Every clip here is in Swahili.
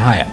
haya.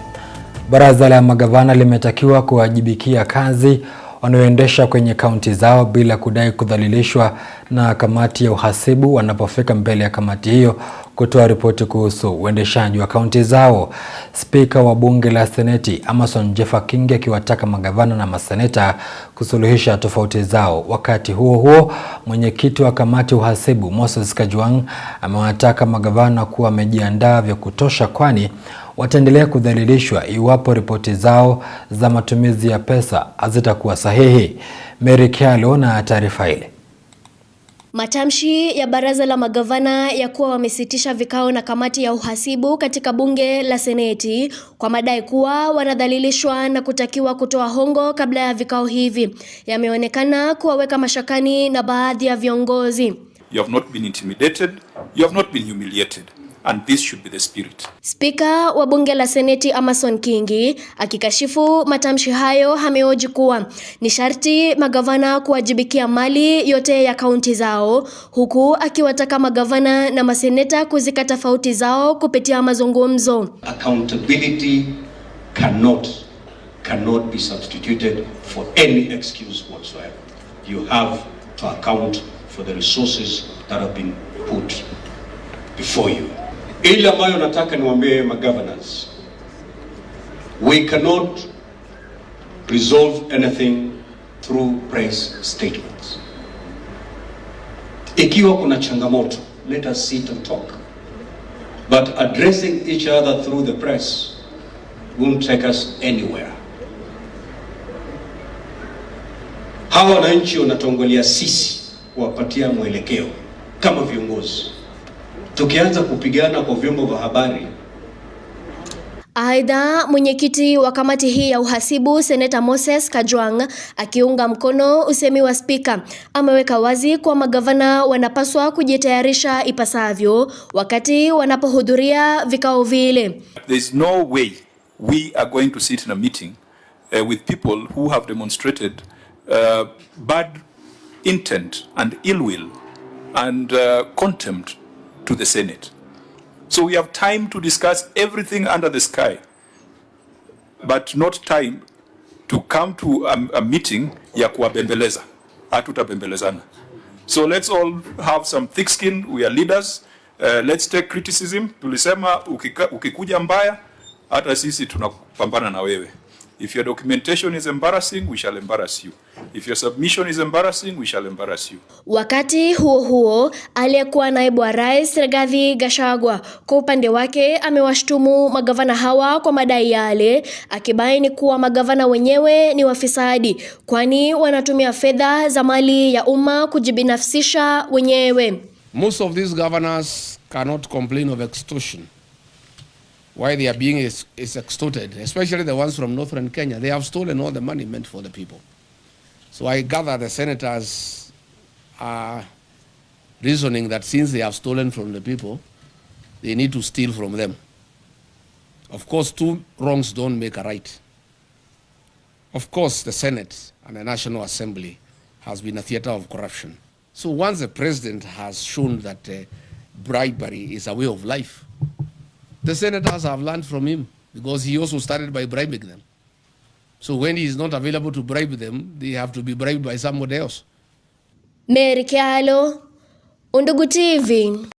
Baraza la magavana limetakiwa kuwajibikia kazi wanaoendesha kwenye kaunti zao bila kudai kudhalilishwa na kamati ya uhasibu wanapofika mbele ya kamati hiyo kutoa ripoti kuhusu uendeshaji wa kaunti zao. Spika wa bunge la seneti Amason Jeffa Kingi akiwataka magavana na maseneta kusuluhisha tofauti zao. Wakati huo huo, mwenyekiti wa kamati uhasibu Moses Kajwang' amewataka magavana kuwa wamejiandaa vya kutosha kwani wataendelea kudhalilishwa iwapo ripoti zao za matumizi ya pesa hazitakuwa sahihi. Mary Kyalo na taarifa ile. Matamshi ya baraza la magavana ya kuwa wamesitisha vikao na kamati ya uhasibu katika bunge la seneti kwa madai kuwa wanadhalilishwa na kutakiwa kutoa hongo kabla ya vikao hivi yameonekana kuwaweka mashakani na baadhi ya viongozi. You have not been intimidated, you have not been humiliated. And this should be the spirit. Spika wa bunge la Seneti Amason Kingi akikashifu matamshi hayo amehoji kuwa ni sharti magavana kuwajibikia mali yote ya kaunti zao, huku akiwataka magavana na maseneta kuzika tofauti zao kupitia mazungumzo. Accountability cannot, cannot be substituted for any excuse whatsoever. You have to account for the resources that have been put before you. Ile ambayo nataka niwaambie magovernors, we cannot resolve anything through press statements. Ikiwa kuna changamoto, let us sit and talk, but addressing each other through the press won't take us anywhere. Hawa wananchi wanatongolia sisi kuwapatia mwelekeo kama viongozi tukianza kupigana kwa vyombo vya habari. Aidha, mwenyekiti wa kamati hii ya uhasibu Seneta Moses Kajwang' akiunga mkono usemi wa spika ameweka wazi kuwa magavana wanapaswa kujitayarisha ipasavyo wakati wanapohudhuria vikao vile. There is no way we are going to sit in a meeting uh, with people who have demonstrated uh, bad intent and ill will and uh, contempt to the Senate. So we have time to discuss everything under the sky, but not time to come to a, a meeting ya kuwabembeleza. Hatutabembelezana. So let's all have some thick skin. We are leaders. Uh, let's take criticism. Tulisema ukika, ukikuja mbaya hata sisi tunapambana na wewe. If your documentation is embarrassing, we shall embarrass you. If your submission is embarrassing, we shall embarrass you. Wakati huo huo, aliyekuwa naibu wa rais Rigathi Gachagua kwa upande wake amewashtumu magavana hawa kwa madai yale, akibaini kuwa magavana wenyewe ni wafisadi, kwani wanatumia fedha za mali ya umma kujibinafsisha wenyewe. Most of these governors cannot complain of extortion. why they are being is, is extorted, especially the ones from northern Kenya. They have stolen all the money meant for the people. So I gather the senators are reasoning that since they have stolen from the people, they need to steal from them. Of course, two wrongs don't make a right. Of course, the Senate and the National Assembly has been a theater of corruption. So once the president has shown that uh, bribery is a way of life, The senators have learned from him because he also started by bribing them. So when he is not available to bribe them, they have to be bribed by somebody else. Mary Kialo, Undugu TV.